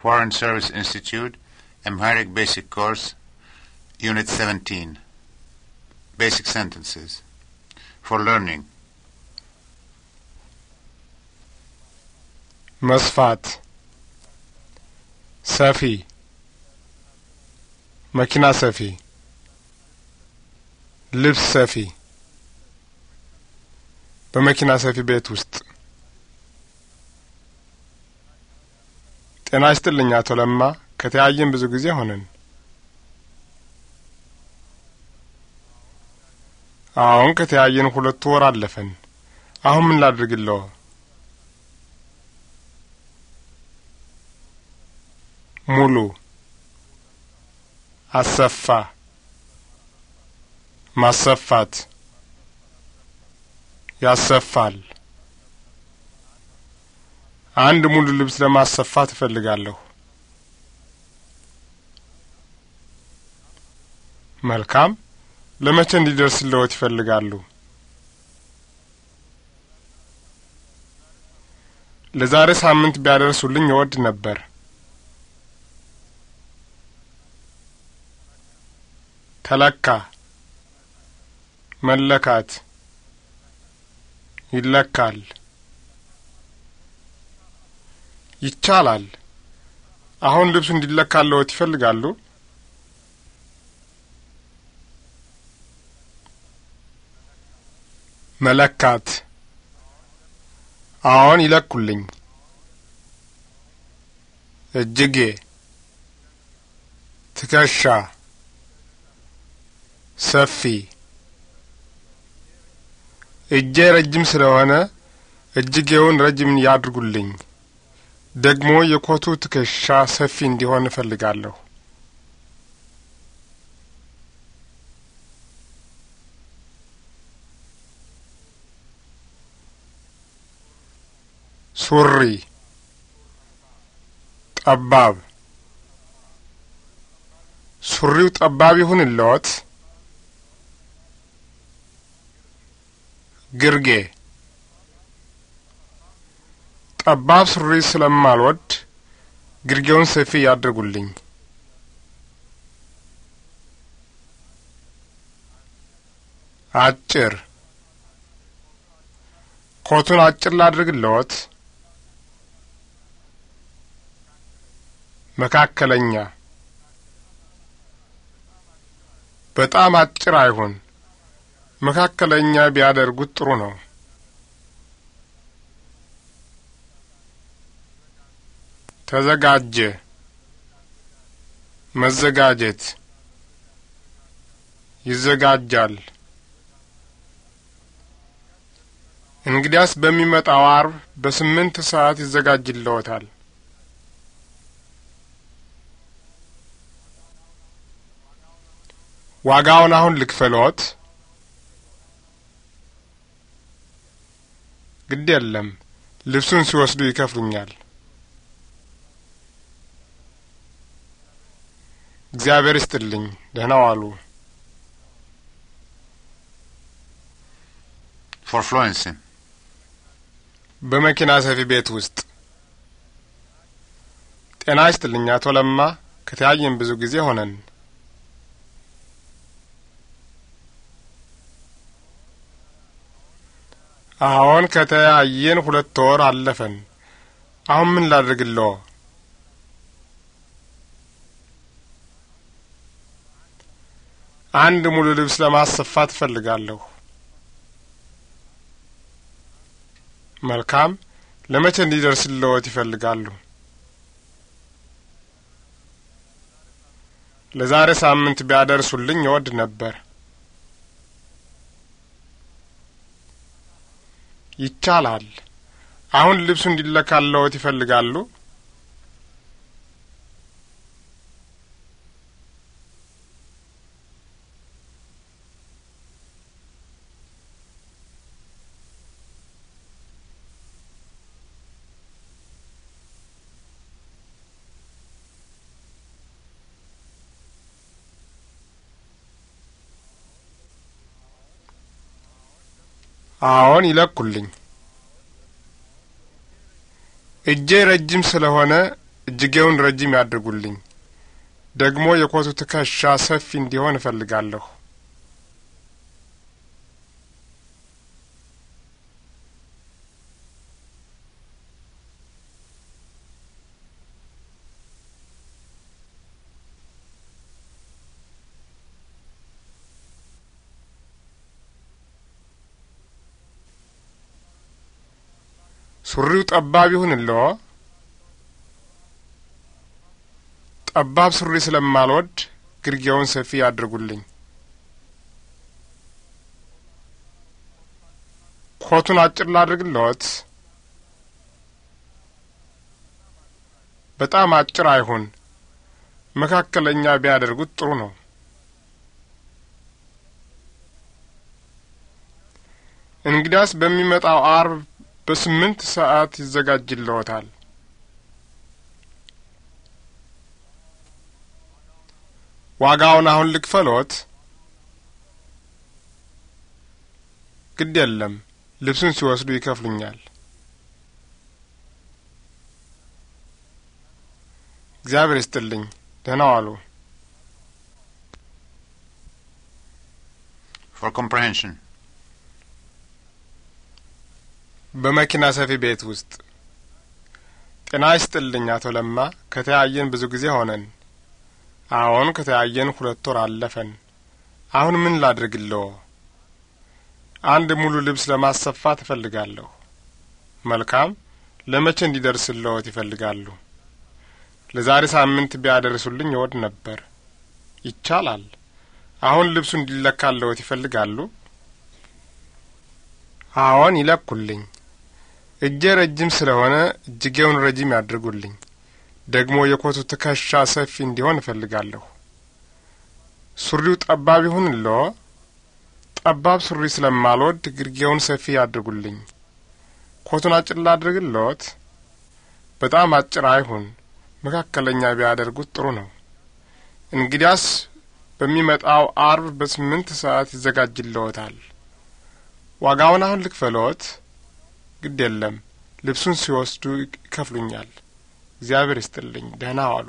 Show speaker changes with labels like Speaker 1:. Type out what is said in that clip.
Speaker 1: Foreign Service Institute, Amharic Basic Course, Unit 17. Basic Sentences for Learning. Masfat, Safi, مكنة سفي ልብስ ሰፊ በመኪና ሰፊ ቤት ውስጥ ጤና ይስጥልኝ አቶ ለማ። ከተያየን ብዙ ጊዜ ሆነን። አሁን ከተያየን ሁለት ወር አለፈን። አሁን ምን ላድርግለው? ሙሉ አሰፋ ማሰፋት ያሰፋል። አንድ ሙሉ ልብስ ለማሰፋት እፈልጋለሁ። መልካም። ለመቼ ለወት ይፈልጋሉ? ለዛሬ ሳምንት ቢያደርሱልኝ እወድ ነበር። ተለካ፣ መለካት፣ ይለካል። ይቻላል። አሁን ልብሱ እንዲለካለዎት ይፈልጋሉ? መለካት አዎን፣ ይለኩልኝ። እጅጌ፣ ትከሻ፣ ሰፊ። እጄ ረጅም ስለሆነ እጅጌውን ረጅም ያድርጉልኝ። ደግሞ የኮቱ ትከሻ ሰፊ እንዲሆን እፈልጋለሁ። ሱሪ ጠባብ። ሱሪው ጠባብ ይሁን ለወት ግርጌ ጠባብ ሱሪ ስለማልወድ ግርጌውን ሰፊ ያድርጉልኝ። አጭር ኮቱን አጭር ላድርግለዎት። መካከለኛ በጣም አጭር አይሁን፣ መካከለኛ ቢያደርጉት ጥሩ ነው። ተዘጋጀ፣ መዘጋጀት፣ ይዘጋጃል። እንግዲያስ በሚመጣው አርብ በስምንት ሰዓት ይዘጋጅልዎታል። ዋጋውን አሁን ልክፈልዎት? ግድ የለም፣ ልብሱን ሲወስዱ ይከፍሉኛል። እግዚአብሔር ይስጥልኝ። ደህና ዋሉ። ፎር ፍሎንስን በመኪና ሰፊ ቤት ውስጥ ጤና ይስጥልኝ አቶ ለማ፣ ከተያየን ብዙ ጊዜ ሆነን። አሁን ከተያየን ሁለት ወር አለፈን። አሁን ምን ላድርግልዎ? አንድ ሙሉ ልብስ ለማሰፋት እፈልጋለሁ። መልካም። ለመቼ እንዲደርስልዎት ይፈልጋሉ? ለዛሬ ሳምንት ቢያደርሱልኝ እወድ ነበር። ይቻላል። አሁን ልብሱ እንዲለካለዎት ይፈልጋሉ? አዎን ይለኩልኝ። እጄ ረጅም ስለሆነ እጅጌውን ረጅም ያድርጉልኝ። ደግሞ የኮቱ ትከሻ ሰፊ እንዲሆን እፈልጋለሁ። ሱሪው ጠባብ ይሁንልዎ? ጠባብ ሱሪ ስለማልወድ ግርጌውን ሰፊ ያድርጉልኝ። ኮቱን አጭር ላድርግልዎት? በጣም አጭር አይሁን፣ መካከለኛ ቢያደርጉት ጥሩ ነው። እንግዲያስ በሚመጣው አርብ በስምንት ሰዓት ይዘጋጅለዎታል። ዋጋውን አሁን ልክፈልዎት? ግድ የለም፣ ልብሱን ሲወስዱ ይከፍሉኛል። እግዚአብሔር ይስጥልኝ፣ ደህና ዋሉ። For comprehension. በመኪና ሰፊ ቤት ውስጥ ጤና ይስጥልኝ አቶ ለማ። ከተያየን ብዙ ጊዜ ሆነን። አዎን ከተያየን ሁለት ወር አለፈን። አሁን ምን ላድርግልዎ? አንድ ሙሉ ልብስ ለማሰፋት እፈልጋለሁ። መልካም። ለመቼ እንዲደርስለዎት ይፈልጋሉ? ለዛሬ ሳምንት ቢያደርሱልኝ እወድ ነበር። ይቻላል። አሁን ልብሱ እንዲለካልዎት ይፈልጋሉ? አዎን ይለኩልኝ። እጄ ረጅም ስለሆነ እጅጌውን ረጅም ያድርጉልኝ። ደግሞ የኮቱ ትከሻ ሰፊ እንዲሆን እፈልጋለሁ። ሱሪው ጠባብ ይሁን ሎ ጠባብ ሱሪ ስለማልወድ ግርጌውን ሰፊ ያድርጉልኝ። ኮቱን አጭር ላድርግሎት? በጣም አጭር አይሁን፣ መካከለኛ ቢያደርጉት ጥሩ ነው። እንግዲያስ በሚመጣው አርብ በስምንት ሰዓት ይዘጋጅልዎታል። ዋጋውን አሁን ልክፈሎት? ግድ የለም ልብሱን ሲወስዱ ይከፍሉኛል። እግዚአብሔር ይስጥልኝ። ደህና ዋሉ።